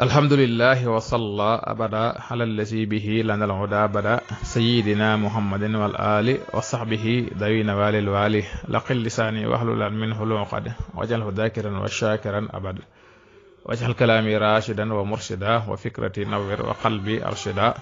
alhamdulilahi wasalla abada alallasi bihi lanal huda bada sayidina muhammadin wal ali wa sahbihi dawina walil wali laqil lisaani waxlulan min huluqad wajalhu dakiran wa shakiran abad wajal kalaami rashidan wa murshida wa fikrati nawir wa qalbi arshida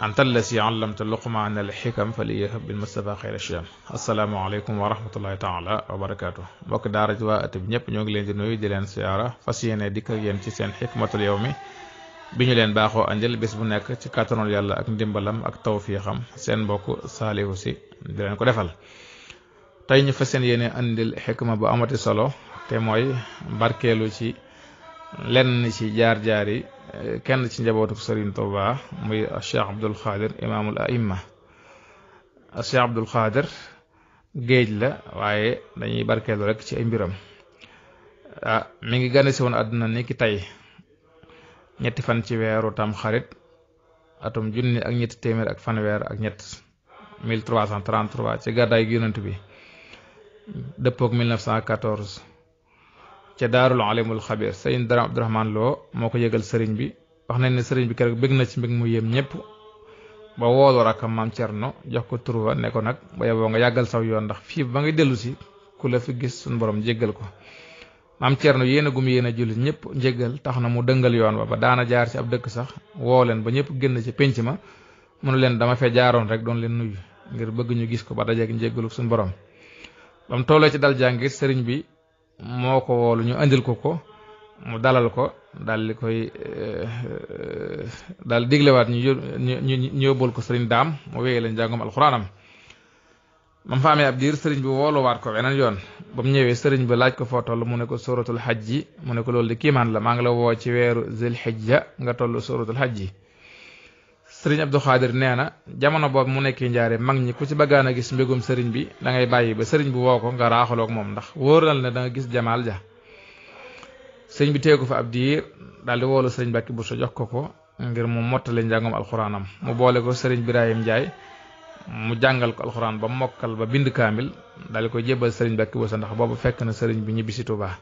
anta allasi allamta luqmaana alxikam fa li yahab bil mustafa xayra shiyam asalaamaaleykum wa rahmatullahi taala wa barakaatu mbokk daara ji waa ëtt bi ñëpp ñoo ngi leen di nuyu di leen siyaara fas yéene dikk ak yéen ci seen xikmatul mi bi ñu leen baaxoo andil bis bu nekk ci kàttanul yàlla ak ndimbalam ak tawfiixam seen mbokk saalihu si di leen ko defal tey ñu fas yéene andil xikma bu amati solo te mooy barkeelu ci lenn ci jaar-jaar yi kenn ci njabootu Sëriñ Tuubaa muy Cheikh Abdul Xaadir imaamul aimma Cheikh Abdul Xaadir géej la waaye dañuy barkeelu rek ci ay mbiram ah mi ngi gane si woon àdduna ni ki tey ñetti fan ci weeru tam xarit atum junni ak ñetti téeméer ak fanweer ak ñett 1333 ci gàddaay gi yonent bi dëppook 1914 ca daarul alimul xabir sëriñ dara abdurahmaan loo moo ko yëgal sëriñ bi wax nañ ne sëriñ bi keroog bëgg na ci mbég mu yéem ñëpp ba woolu rakkam maam cerno jox ko turwa ne ko nag ba yeboo nga yàggal saw yoon ndax fii ba nga dellu si ku la fi gis suñu boroom jéggal ko maam cerno yéen gum yéen a jullit ñëpp njéggal tax na mu dëngal yoon wa ba daana jaar ci ab dëkk sax woo leen ba ñëpp génn ci pénc ma mënu leen dama fee jaaroon rek doon leen nuyu ngir bëgg ñu gis ko ba dajeeg njéggalu suñu borom bam tollee moo ko woolu ñu andil ko ko mu dalal ko daal di koy daal diglewaat ñu ñu ñu yóbbul ko sëriñ daam mu wéyee leen jàngum alxuraanam mam fa amee ab diir sëriñ bi wooluwaat ko weneen yoon ba ñëwee sëriñ bi laaj ko foo toll mu ne ko sóoratul xaj ji mu ne ko loolu di kiimaan la maa ngi la woo ci weeru zil xijja nga toll sóoratul xaj ji sëriñ Abdou Khadir nee na jamono boobu mu nekkee njaare mag ñi ku ci bëggaan a gis mbégum sëriñ bi da ngay bàyyi ba sëriñ bi woo ko nga raaxaloo ak moom ndax wóoral na da nga gis jamaal ja sëriñ bi teegu fa ab diir daal di woolu sëriñ Bakki Bousso jox ko ko ngir mu mottali njàngum alxuraanam mu boole ko sëriñ Birahim Ndiaye mu jàngal ko alxuraan ba mokkal ba bind kaamil daal di koy jébbal sëriñ Bakki sa ndax boobu fekk na sëriñ bi ñibbisi Tuubaa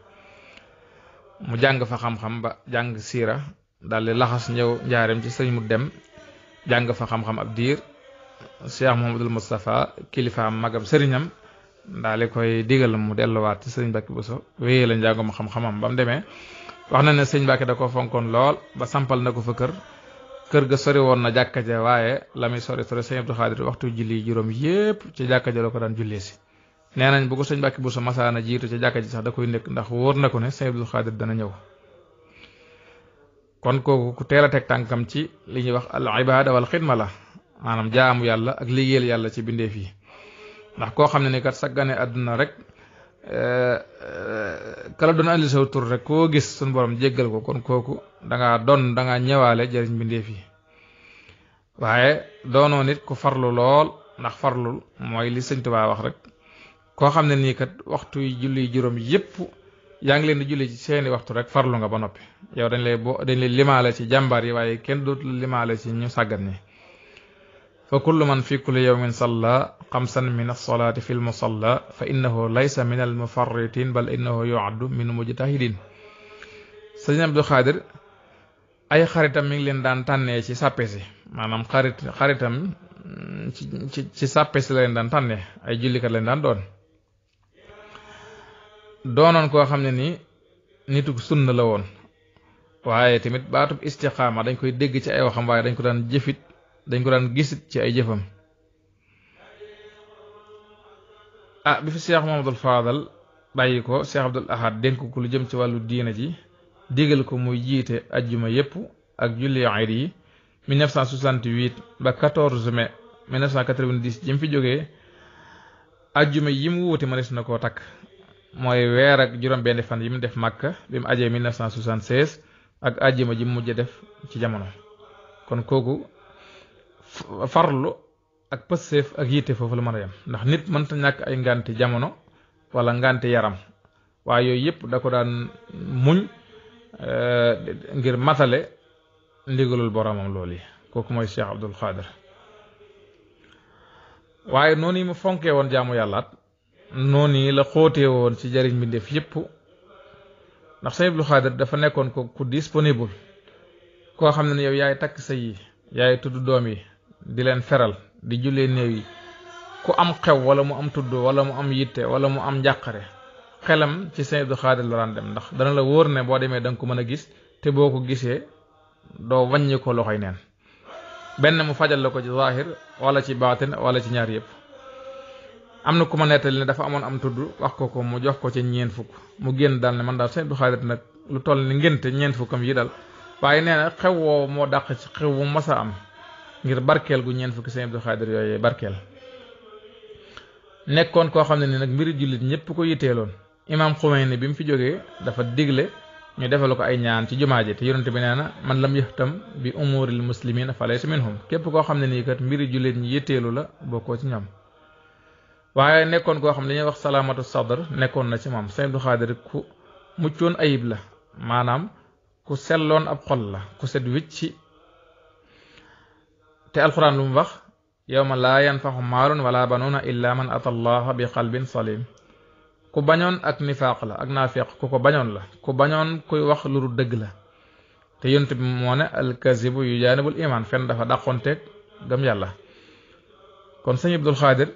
mu jàng fa xam ba jàng siira daal laxas ñëw njaareem ci sëriñ mu dem jàng fa xam-xam ab diir Cheikh Mouhamadul Moustapha kilifaam magam sëriñam daal di koy digal mu delluwaat ci sëriñ Mbacke Bousso wéyee la njàngum xam-xamam ba mu wax na ne sëriñ Mbacke da ko fonkoon lool ba sampal na ko fa kër kër ga sori woon na jàkka ja waaye la muy sori sori sëriñ Abdou Khadir waxtu julli juróom yépp ci jàkka ja la ko daan jullee si nee nañ bu ko sëriñ Mbacke Bousso masaana jiitu ci jàkka ji sax da koy nekk ndax wóor na ko ne sëriñ Abdou Khadir dana ñëw kon kooku ku teel a teg tànkam ci li ñuy wax al ibada wal xidma la maanaam jaamu yàlla ak liggéeyal yàlla ci bindeef yi ndax koo xam ne ni kat saggane àdduna rek eh, kala doon andi saw rek koo gis suñu borom jéggal ko kon kooku dangaa doon dangaa ñëwaale jëriñ bindeef yi waaye doonoo nit ku farlu lool ndax farlu mooy li sëñ Tuubaa wax rek koo xam ne nii kat waxtu julli juróom yépp yaa ngi leen di julli ci seeni waxtu rek farlu nga ba noppi yow dañ lay bo dañ lay limaale ci jàmbaar yi waaye kenn dootul limaale ci ñu sàggat ñi fa kullu man fi kulli yawmin salla xamsan min alsolaati fi lmusalla fa innahu laysa min almufarritin bal innahu yuaddu min mujtahidin sëriñ Abdou Xaadir ay xaritam mi ngi leen daan tànnee ci sàppe si maanaam xarit xaritam ci ci ci sàppe si la leen daan tànnee ay jullikat leen daan doon doonoon koo xam ne nii nituk sunna la woon waaye tamit baatub istiqaama dañ koy dégg ci ay waxam dañ ko daan jëfit dañ ko daan gisit ci ay jëfam a ah, bi fi Cheikh Mamadul Faadal bàyyi ko Cheikh Abdul Ahad dénk ko lu jëm ci wàllu diina ji digal ko muy jiite ajjuma yépp ak julli iid yi 1968 ba 14 mai 1990 ji mu fi jógee ajjuma yi mu wuute mënees na koo takk mooy weer ak juróom-benn fan yi mu def Makka bi mu ajee 1976 ak ajjuma ji mu mujj def ci jamono kon kooku farlu ak pësseef ak yitte foofu la mën a yem ndax nit mënta ñàkk ay ngànti jamono wala ngànti yaram waaye yooyu yëpp da ko daan muñ euh, ngir matale ndigalul boromam loolu yi kooku mooy Cheikh Abdul Xaadir waaye noonu yi mu fonkee woon jaamu yàllaat noonu yi la xóotee woon ci jariñ mbindéef yépp ndax sëñ Xaadir dafa nekkoon ko ku disponible koo xam ne yow yaay takk sa yi yaay tudd doom yi di leen feral di jullee néew yi ku am xew wala mu am tudd wala mu am yitte wala mu am njàqare xelam ci sëñ Abdul Xaadir la daan dem ndax dana la wóor ne boo demee da nga ko mën a gis te boo ko gisee doo wàññi ko loxoy neen benn mu fajal la ko ci zaahir wala ci baatin wala ci ñaar yépp am na ku ma nettali ne dafa amoon am tudd wax ko ko mu jox ko ci ñeent fukk mu génn daal ne man daal sëñ Abdou Khadre nag lu toll ni ngénte ñeent fukkam yi dal waaye nee na xew woo moo dàq ci xew mu mas am ngir barkeel gu ñeent fukki sëñ Abdou Khadre yooyu barkeel nekkoon koo xam ne ni nag mbiri jullit ñëpp ko yitteeloon imaam Khomeini bi mu fi jógee dafa digle ñu defal ko ay ñaan ci jumaa ji te yonente bi nee na man lam yëxtam bi umuril muslimina falaysa minhum képp koo xam ne nii kat mbiri jullit la bokkoo ci ñoom waaye nekkoon koo xam ne dañuy wax salaamatu sadr nekkoon na ci moom Sëñ Abdu Xaadir ku muccoon ayib la maanaam ku selloon ab xol la ku set wicci te alxuraan lu mu wax yawma laa yanfaxu maalun wala banuuna illa man ata allaha bi qalbin salim ku bañoon ak nifaaq la ak naafeq ku ko bañoon la ku bañoon kuy wax lu du dëgg la te yonent bi moo ne alkazibu yu jaanibul iman fenn dafa dàqoonteeg gëm yàlla kon sëñ Abdul Xaadir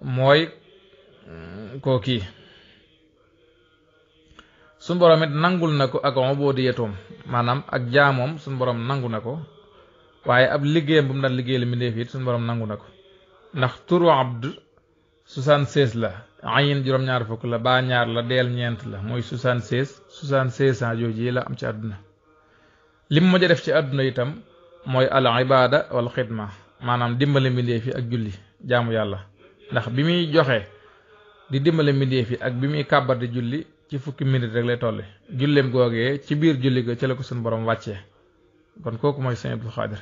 mooy koo kii suñ boroom nangul na ko ak ubudiyatoom maanaam ak jaamoom suñ boroom nangu na ko waaye ab liggéeyam bu mu daan liggéeyal mbindéef it suñ boroom nangu na ko ndax turu soixante-seize la ayin juróom fukk la baa ñaar la deel ñeent la mooy soixante-seize soixante-seize ans la am ci àdduna li mu mujj a def ci àdduna itam mooy al ibaada wal xidma maanaam dimbali mbindéef yi ak julli jaamu yàlla ndax bi muy joxe di dimbale mbindeef yi ak bi muy kàbbar di julli ci fukki minute rek lay tolle julleem googee ci biir julli ga ci la ko seen borom wàccee kon kooku mooy sëñ Abdou Khadir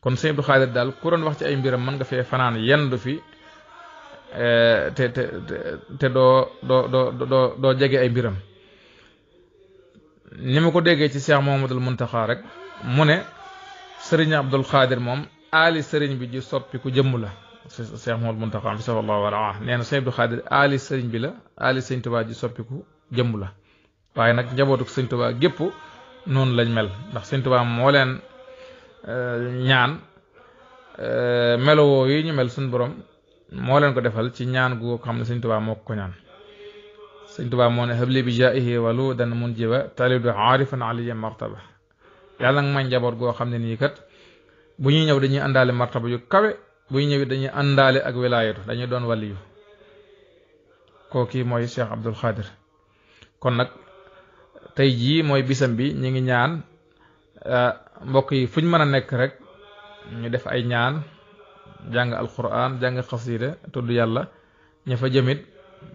kon sëñ Abdou Khadir daal ku doon wax ci ay mbiram mën nga fee fanaan yendu fi eh, te doo doo doo doo ay mbiram ni ma ko déggee ci Cheikh Mouhamadoul Mountakha rek mu ne sëriñ Abdou Khadir moom aali sëriñ bi ji soppi ku jëmm la Cheikh Mouhamadou Mountakha am fi sax wallahu wala ah nee na sëñ aali sëriñ bi la aali sëñ Tuubaa ji soppiku jëmm la waaye nag njabootu sëñ Tuubaa noonu lañ mel ndax sëñ moo leen euh, ñaan euh, melowoo yi ñu mel suñ borom moo leen ko defal ci ñaan gu xam ne sëñ Tuubaa moo moo ne habli bi jaahi njaboot goo xam ne nii kat bu ñuy ñëw dañuy àndaale martaba yu kawe buy ñëwit dañuy àndaale ak wilaayatu dañuy doon waliyu kooki mooy Cheikh Abdul Xaadir kon nag tey jii mooy bisam bi ñu ngi ñaan ah, mbokk yi fuñ mën a nekk rek ñu def ay ñaan jàng alquran jàng xasida tudd yàlla ña fa jëmit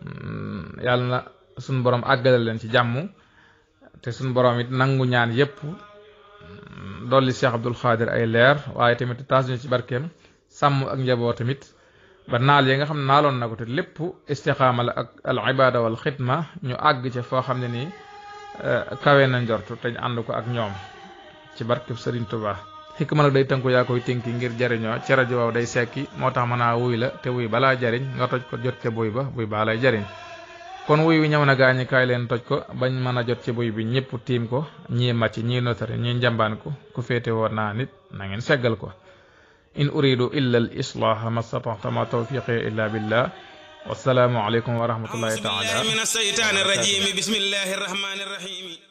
mm, yàlla na suñ borom àggale leen ci jàmm te suñ borom it nangu ñaan yépp mm, dolli Cheikh Abdul Xaadir ay leer waaye tamit taas ci barkeem sàmm ak njaboot tamit ba naal yi nga xam naaloon na ko te lépp istixaama la ak al ibaada wal xidma ñu àgg ca foo xam ne nii eh, kawe na njortu te ñu ànd ko ak ñoom ci barkeb Sëriñ Tuubaa mën a day tënku yaa koy tënki ngir jariñoo ci rajo waaw day sekki moo tax mën a wuy la te wuy balaa jariñ nga toj ko jot ca buy ba buy baa lay jariñ kon wuy wi ñaw na gaañi kaay leen toj ko bañ mën a jot ci buy bi ñëpp tiim ko ñii màcc ñii notari ñii njambaan ko ku féete woon naa nit seggal ko in uridu illa al islaha ma stata'tu ma tawfiqi illa billah wassalaamu aleykum wa rahmatullahi taala min asheytaani rajim bismillahi rahmani rahim